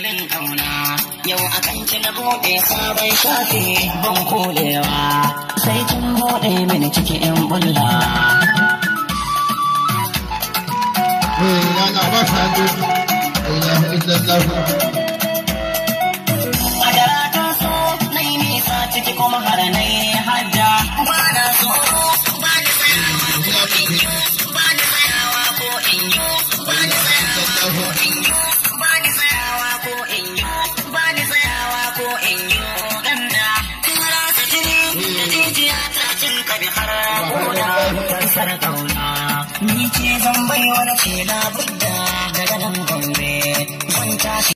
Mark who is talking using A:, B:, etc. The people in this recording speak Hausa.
A: irin kauna yau a kanki na bude sabon shafi
B: ban kolewa sai kin bude mini ciki in bulla
C: Madara ta nisa ciki kuma har ba na ba
D: ni ko ba ni ko ba ni ko Rijiya ta cinka bi har
E: koda sarƙauna.
F: Ni ce zan baiwa na ce labudda daga